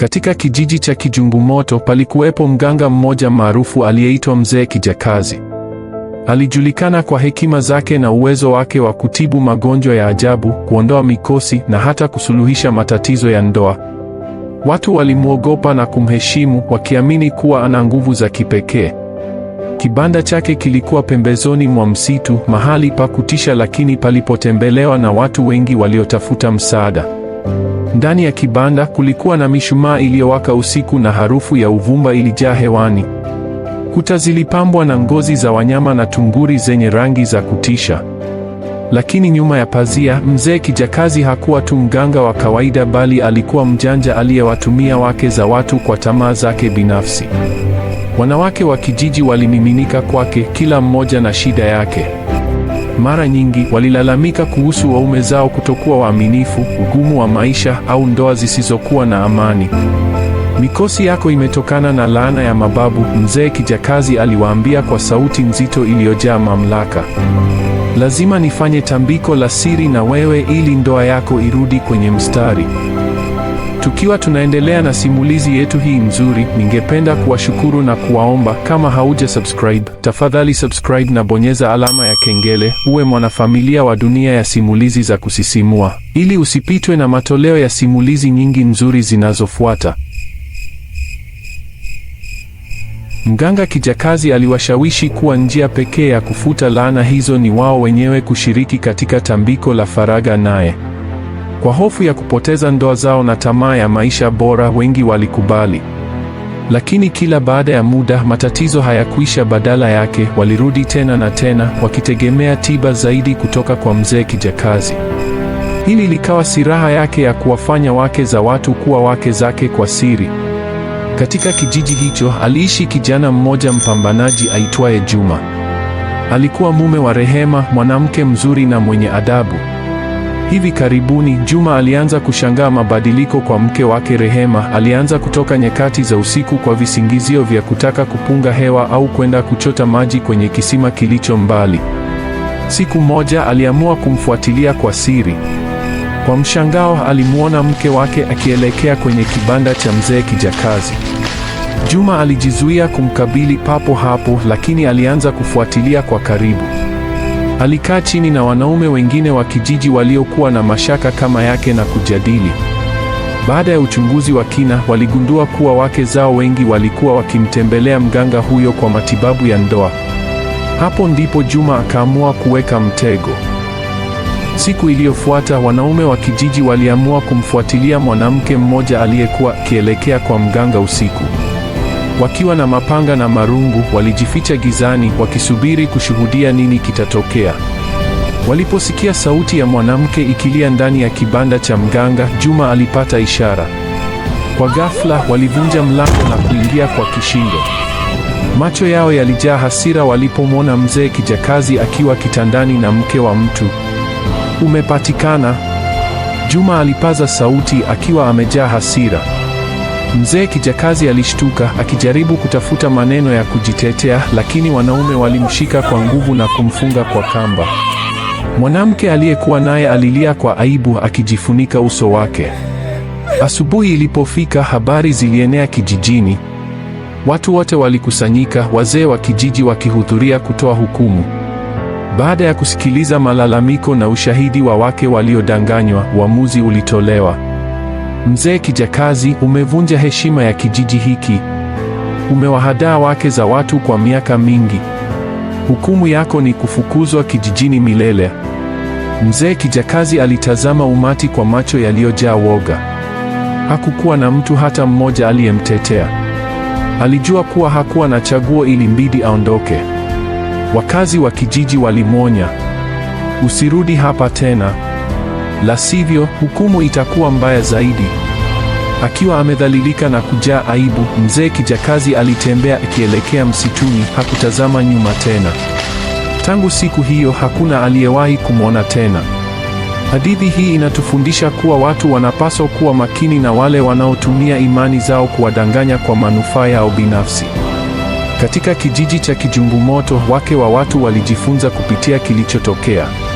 Katika kijiji cha Kijungumoto palikuwepo mganga mmoja maarufu aliyeitwa Mzee Kijakazi. Alijulikana kwa hekima zake na uwezo wake wa kutibu magonjwa ya ajabu, kuondoa mikosi na hata kusuluhisha matatizo ya ndoa. Watu walimwogopa na kumheshimu wakiamini kuwa ana nguvu za kipekee. Kibanda chake kilikuwa pembezoni mwa msitu, mahali pa kutisha lakini palipotembelewa na watu wengi waliotafuta msaada. Ndani ya kibanda kulikuwa na mishumaa iliyowaka usiku na harufu ya uvumba ilijaa hewani. Kuta zilipambwa na ngozi za wanyama na tunguri zenye rangi za kutisha. Lakini nyuma ya pazia, mzee kijakazi hakuwa tu mganga wa kawaida bali alikuwa mjanja aliyewatumia wake za watu kwa tamaa zake binafsi. Wanawake wa kijiji walimiminika kwake, kila mmoja na shida yake. Mara nyingi walilalamika kuhusu waume zao kutokuwa waaminifu, ugumu wa maisha au ndoa zisizokuwa na amani. Mikosi yako imetokana na laana ya mababu, mzee kijakazi aliwaambia kwa sauti nzito iliyojaa mamlaka. Lazima nifanye tambiko la siri na wewe ili ndoa yako irudi kwenye mstari. Tukiwa tunaendelea na simulizi yetu hii nzuri, ningependa kuwashukuru na kuwaomba kama hauja subscribe, tafadhali subscribe na bonyeza alama ya kengele, uwe mwanafamilia wa Dunia ya Simulizi za Kusisimua ili usipitwe na matoleo ya simulizi nyingi nzuri zinazofuata. Mganga kijakazi aliwashawishi kuwa njia pekee ya kufuta laana hizo ni wao wenyewe kushiriki katika tambiko la faraga naye kwa hofu ya kupoteza ndoa zao na tamaa ya maisha bora, wengi walikubali. Lakini kila baada ya muda, matatizo hayakwisha. Badala yake, walirudi tena na tena, wakitegemea tiba zaidi kutoka kwa mzee kijakazi. Hili likawa silaha yake ya kuwafanya wake za watu kuwa wake zake kwa siri. Katika kijiji hicho aliishi kijana mmoja mpambanaji aitwaye Juma. Alikuwa mume wa Rehema, mwanamke mzuri na mwenye adabu. Hivi karibuni Juma alianza kushangaa mabadiliko kwa mke wake Rehema. Alianza kutoka nyakati za usiku kwa visingizio vya kutaka kupunga hewa au kwenda kuchota maji kwenye kisima kilicho mbali. Siku moja aliamua kumfuatilia kwa siri. Kwa mshangao, alimwona mke wake akielekea kwenye kibanda cha mzee kijakazi. Juma alijizuia kumkabili papo hapo, lakini alianza kufuatilia kwa karibu. Alikaa chini na wanaume wengine wa kijiji waliokuwa na mashaka kama yake na kujadili. Baada ya uchunguzi wa kina, waligundua kuwa wake zao wengi walikuwa wakimtembelea mganga huyo kwa matibabu ya ndoa. Hapo ndipo Juma akaamua kuweka mtego. Siku iliyofuata, wanaume wa kijiji waliamua kumfuatilia mwanamke mmoja aliyekuwa akielekea kwa mganga usiku wakiwa na mapanga na marungu, walijificha gizani wakisubiri kushuhudia nini kitatokea. Waliposikia sauti ya mwanamke ikilia ndani ya kibanda cha mganga, Juma alipata ishara. Kwa ghafla, walivunja mlango na kuingia kwa kishindo. Macho yao yalijaa hasira walipomwona mzee kijakazi akiwa kitandani na mke wa mtu. Umepatikana! Juma alipaza sauti akiwa amejaa hasira. Mzee kijakazi alishtuka akijaribu kutafuta maneno ya kujitetea, lakini wanaume walimshika kwa nguvu na kumfunga kwa kamba. Mwanamke aliyekuwa naye alilia kwa aibu akijifunika uso wake. Asubuhi ilipofika, habari zilienea kijijini. Watu wote walikusanyika, wazee wa kijiji wakihudhuria kutoa hukumu. Baada ya kusikiliza malalamiko na ushahidi wa wake waliodanganywa, uamuzi ulitolewa. Mzee kijakazi, umevunja heshima ya kijiji hiki. Umewahadaa wake za watu kwa miaka mingi. Hukumu yako ni kufukuzwa kijijini milele. Mzee kijakazi alitazama umati kwa macho yaliyojaa woga. Hakukuwa na mtu hata mmoja aliyemtetea. Alijua kuwa hakuwa na chaguo, ilimbidi aondoke. Wakazi wa kijiji walimwonya, usirudi hapa tena la sivyo hukumu itakuwa mbaya zaidi. Akiwa amedhalilika na kujaa aibu, mzee kijakazi alitembea akielekea msituni, hakutazama nyuma tena. Tangu siku hiyo hakuna aliyewahi kumwona tena. Hadithi hii inatufundisha kuwa watu wanapaswa kuwa makini na wale wanaotumia imani zao kuwadanganya kwa manufaa yao binafsi. Katika kijiji cha Kijungumoto, wake wa watu walijifunza kupitia kilichotokea.